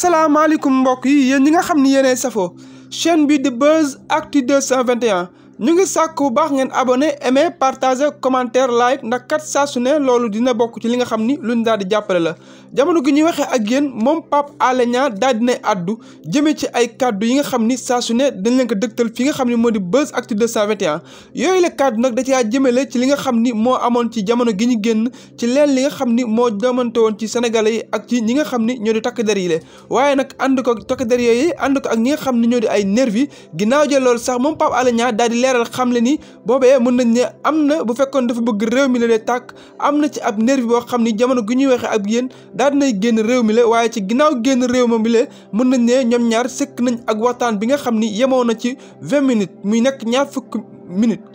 salaamaaleykum mbokk yi yéen ñi nga xam ni yéenay safo chaîne bi di Buzz Actu 221 ñu ngi sàkk bu baax ngeen abonné aimé partager commentaire like ndax kat saa su ne loolu dina bokk ci li nga xam ni luñ daal di jàppale la jamono gi ñu waxee ak yéen moom pap Alé Niang daal dina addu jëmee ci ay kaddu yi nga xam ni saa su ne dañ leen ko dëgtal fi nga xam ni moo di Buzz Actu 221 yooyu la kaddu nag da caa jëmale ci li nga xam ni moo amoon ci jamono gi ñu génn ci leen li nga xam ni moo jamante woon ci sénégalais yi ak ci ñi nga xam ni ñoo takk der yi la waaye nag ànd ko takk der yooyu ak ñi nga xam ni ñoo di ay nervi ginnaaw jël loolu sax moom Pape Alé leeral xam le ni boobee mën nañ ne am na bu fekkoon dafa bëgg réew mi la dee tàkk am na ci ab nervi boo xam ni jamono gu ñuy waxee ak yéen daal dinay génn réew mi la waaye ci ginnaaw génn réew ma bi la mën nañ ne ñoom ñaar sëkk nañ ak waxtaan bi nga xam ni yemoon na ci vingt minutes muy nekk ñaar fukk minutes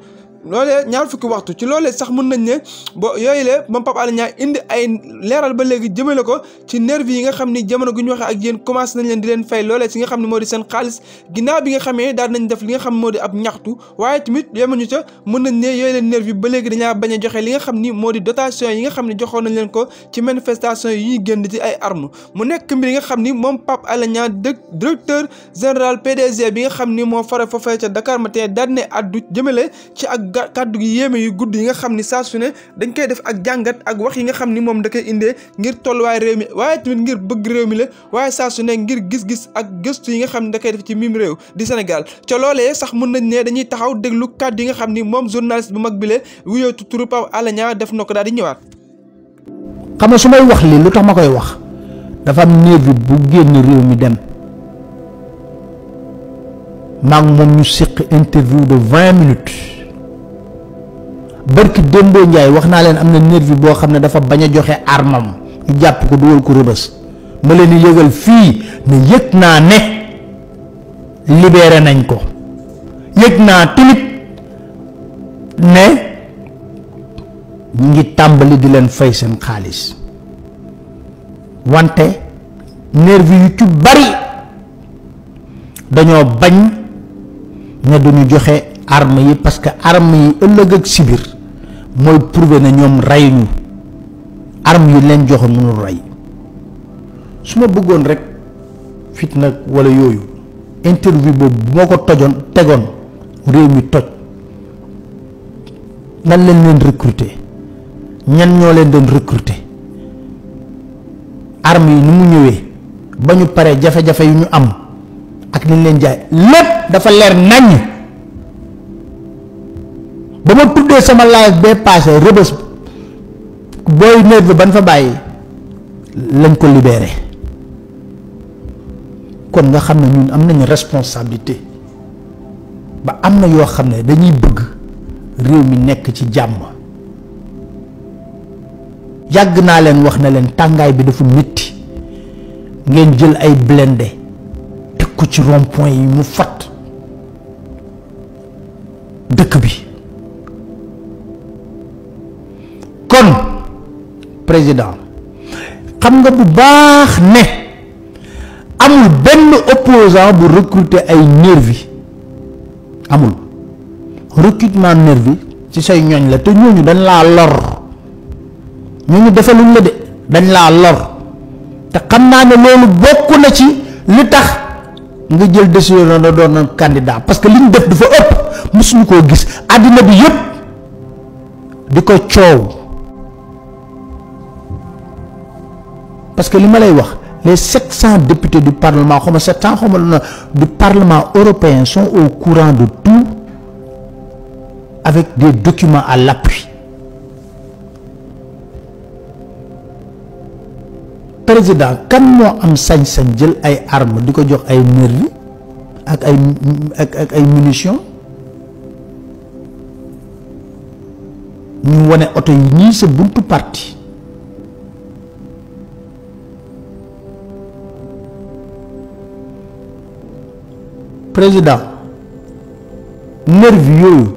loolee ñaar fukki waxtu ci loole sax mën nañ ne bo yooyu le moom Pape Alé indi ay leeral ba léegi jëmale ko ci nervi yi nga xam ni jamono gu ñu waxee ak yéen commencé nañ leen di leen fay loolee si nga xam ne moo di seen xaalis ginnaaw bi nga xamee daal nañ def li xam moo di ab ñaxtu waaye tamit yemuñu ca mën nañ ne yooyu ba léegi dañaa bañ a joxe li nga xam ni moo di dotation yi nga xam ne joxoon nañ leen ko ci manifestation yi ñuy génn ci ay armes mu nekk yi nga xam ni moom Pape Alé Niang directeur général PDG bi nga xam ni moo fara foofee ca Dakar Matin daal ne addu jëmale ci ak kàddu gi yéeme yu gudd yi nga xam ni saa su ne dañ koy def ak jàngat ak wax yi nga xam ni moom da koy indee ngir tolluwaay réew mi waaye tamit ngir bëgg réew mi la waaye saa sune ngir gis-gis ak gëstu yi nga xam ni da koy def ci mim réew di senegal ca loole sax mën nañ ne dañuy taxaw déglu kàddu yi nga xam ni moom journaliste bu mag bi la wuyootu turu Pape Alé def na ko daal di ñëwaat. xam nga su may wax lii lu tax ma koy wax dafa am nervi bu génn maa ngi séq interview barki démboo Njaay wax naa leen am na nervi boo xam ne dafa bañ a joxe armam ñu jàpp ko dugal ko rëbës ma leen yëgal fii ne yëg naa ne libéré nañ ko yëg naa tamit ne ñu ngi tàmbali di leen fay seen xaalis wante nervi yu ci bari dañoo bañ ne duñu joxe arme yi parce que arme yi ëllëg ak sibir mooy prouver na ñoom reyuñu arme yi leen joxoon mënul rey su ma bëggoon rek fitna walla yooyu interview boobu bu ma ko tojoon tegoon réew mi toj nan leen leen recruter ñan ñoo leen doon recruter arm yi ni mu ñëwee ba ñu paree jafe-jafe yu ñu am ak ni leen jaay lépp dafa leer naññ ba ma tuddee sama live bee passé rëbës booy nerve ban fa bàyyi lañ ko libéré kon nga xam ne ñun am nañu responsabilité ba am na yoo xam ne dañuy bëgg réew mi nekk ci jàmm yàgg naa leen wax na leen tàngaay bi dafa métti ngeen jël ay blindé teg ko ci rond-point yi mu fat dëkk bi kon président xam nga bu baax ne amul benn opposant bu recruter ay nervi amul recrutement nervi ci say ñooñ la te ñooñu dañ laa lor ñooñu defaluñ la de dañ laa lor te xam naa ne loolu bokk na ci li tax nga jël décision na da doon candidat parce que li ñu def dafa ëpp mosuñu koo gis àddina bi yëpp di ko coow parce que li ma lay wax les sept cent députés du parlement xaw ma sept cent xaw du parlement européen sont au courant de tout avec des documents à l'appui président kan moo am sañ-sañ jël ay armes di ko jox ay nervi ak ay ak ñu wane oto yi ñii sa buntu parti président nervi yooyu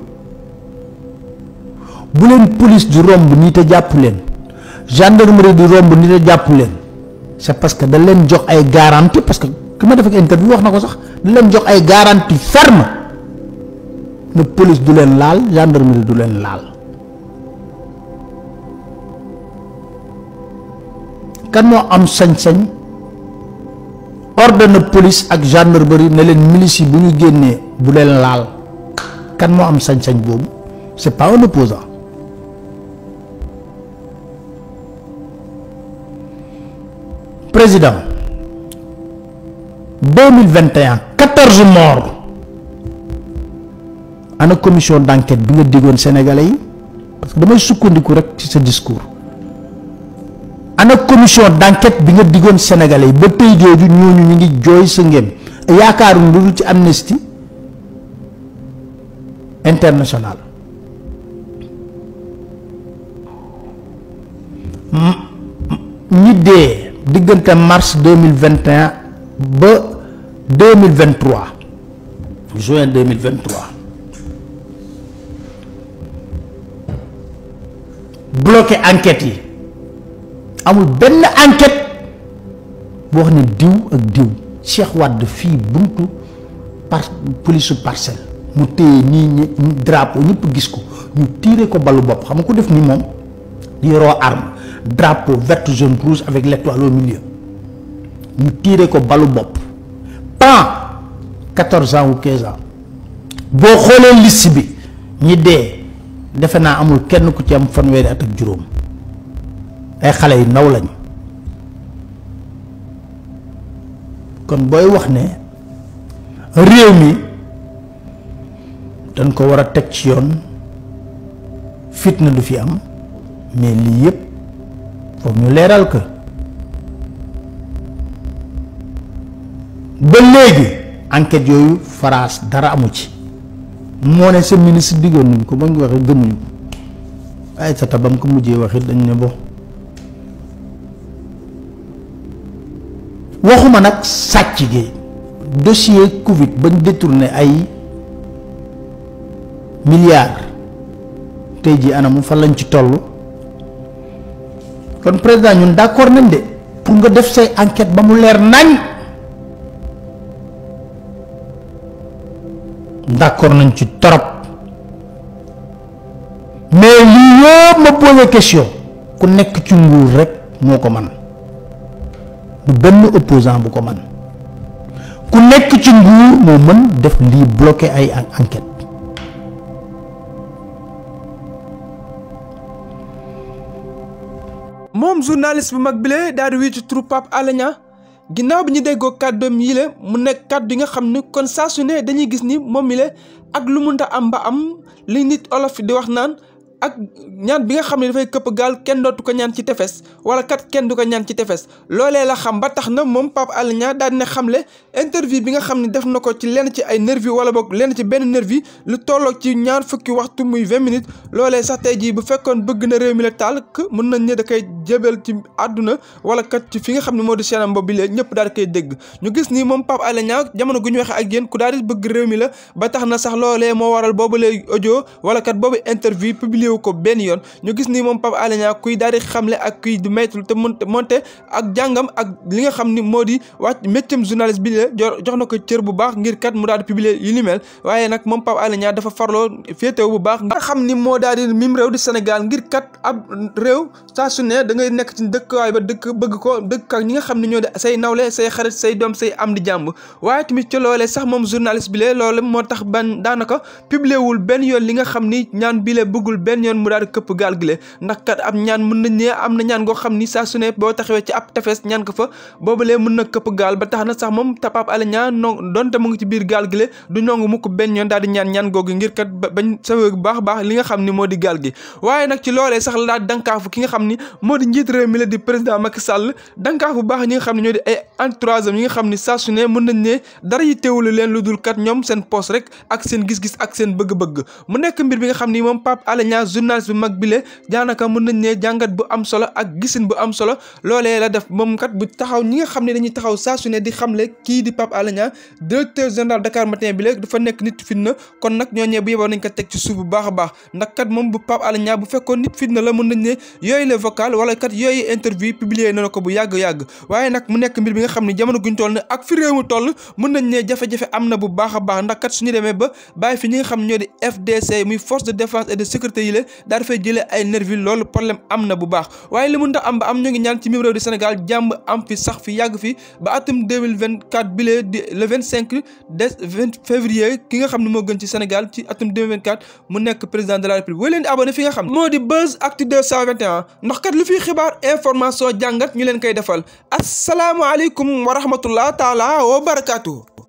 bu leen police di romb nii te jàpp leen gendarmerie di romb nii te jàpp leen c'est parce que da leen jox ay garantie parce que ki ma defee ak interview wax na ko sax da leen jox ay garantie ferme ne police du leen laal gendarmerie du leen laal kan moo am sañ-sañ ordonné police ak gendarmerie ne leen milice bu ñu génnee bu leen laal kan moo am sañ-sañ boobu c'est pas un opposant président 2021 14 morts ana commission d'enquête bi nga diggoon sénégalais yi parce que damay sukkandiku rek ci sa discours ana commission d'enquête bi nga diggoon Sénégalais yi ba tey jooju ñooñu ñu ngi jooy sa ngéem yaakaaruñ lu dul ci amnistie internationale ñi dee diggante mars mille vingt et un ba mille vingt juin deux mille vingt trois bloqué enquête yi. amul benn enquête boo xam ne diw ak diw Cheikh wadd fii buntu par polisu parcelle mu téye nii ñi drapeau ñëpp gis ko ñu tiire ko balu bopp xam nga ko def ni moom yoroo arme drapo vert jaune rouge avec l'étoile au milieu ñu tiire ko balu bopp pan quatorze ans ou quinze ans boo xoolee liste bi ñi dee defe naa amul kenn ku ci am fanweeri at ak juróom ay xale yu ndaw lañ kon booy wax ne réew mi dañ ko war a teg ci yoon fitna du fi am mais lii yëpp foofu ñu leeral ko ba léegi enquête yooyu France dara amu ci moo ne sa ministre diggoon nañ ko ba ñu waxee gëmuñu ko ay sata ba mu ko mujjee waxit dañ ne bo waxuma nag sàcc gi dossier Covid bañ détourné ay milliards tey jii anamu fan lañ ci toll kon président ñun d'accord nañ de pour nga def say enquête ba mu leer nañ d'accord nañ ci torop mais lii yëpp ma posé question ku nekk ci nguur rek moo ko man du benn opposant bu ko man ku nekk ci nguur moo mën def lii bloqué ay enquête moom journaliste bu mag bile daal di wiitu turu Pape Alé ginnaaw bi ñu déggoo kàddoom yi la mu nekk kàddu yi nga xam ne kon saa su ne dañuy gis ni moom mi ak lu munta am ba am li nit olof di wax naan ak ñaan bi nga xam ne dafay këpp gaal kenn dootu ko ñaan ci tefes wala kat kenn du ko ñaan ci tefes loolee la xam ba tax na moom Pape Alé Niang daal dina xamle interview bi nga xam ne def na ko ci lenn ci ay nervi wala boog lenn ci benn nervi lu tolloog ci ñaar fukki waxtu muy 20 minutes loolee sax tey jii bu fekkoon bëgg na réew mi la taal mën na ne da koy jébal ci àdduna wala kat ci fi nga xam ne moo di seenam bi lee ñëpp daal koy dégg ñu gis nii moom Pape Alé Niang jamono gu ñu waxee ak yéen ku daal di bëgg réew mi la ba tax na sax loolee moo waral boobu lay audio wala kat boobu interview wu ko benn yoon ñu gis ni moom Pape Alé kuy daal xamle ak kuy du maytul te mun monte ak jàngam ak li nga xam ni moo di wàcc méccam journaliste bi la jox na ko cër bu baax ngir kat mu daal di yu ni mel waaye moom Pape Alé Niang dafa farloo féetewu bu xam ni moo daal di mim réew di Sénégal ngir kat ab réew saa su ne da ngay nekk ci dëkkwaay ba dëkk bëgg ko dëkk ak ñi nga xam ne ñoo di say nawle say xarit say doom say am di jàmb waaye tamit ci loolee sax moom journaliste bi la loolu moo tax ban daanaka publier benn yoon li nga xam ni ñaan yoon mu daal këpp gaal gi le ndax kat ab ñaan mën nañ ne am na ñaan goo xam ni saa su ne boo taxawee ci ab gaal ba tax na sax moom tapaab ala ñaan non donte mu ngi gi le du nongu mukk benn yoon daal di ñaan ñaan googu ngir kat li nga xam ni di gaal gi waaye nag ci loolee sax la daal ki nga xam ni di njiit réew mi la di président Macky Sall xam ne ñoo di xam ni saa su ne mën nañ ne dara yi teewlu leen lu dul kat ñoom seen poste rek ak seen gis-gis ak seen bëgg-bëgg mu nekk mbir bi nga xam ni moom Pape Alé journaliste bu mag bile daanaka mën nañ ne jàngat bu am solo ak gisin bu am solo loolee la def moom kat bu taxaw ñi nga xam ne dañuy taxaw saa su ne di xamle kii di Pape Alé directeur général Dakar Matin bi dafa nekk nit fitna kon nag ñooñee bu yeboo nañ ko teg ci suuf bu baax a baax ndax kat moom bu Pape Alé Niang bu fekkoon nit fitna la mën nañ ne yooyu la vocal wala kat yooyu interview publié na ko bu yàgg-yàgg waaye nag mu nekk mbir bi nga xam ne jamono na bu baax a baax ba la daa dafay jële ay nervi loolu problème am na bu baax waaye li mun tax am ba am ñoo ngi ñaan ci même réew Sénégal jàmm am fi sax fi yàgg fi ba atum 2024 bi lee di le 25 des 20 février ki nga xam ne moo gën ci Sénégal ci atum 2024 mu nekk président de la République wooyu leen di abonné fi nga xam moo di Buzz Actu 221 ndax kat lu fi xibaar information jàngat ñu leen koy defal asalaamualeykum wa rahmatullah taala wa barakaatu.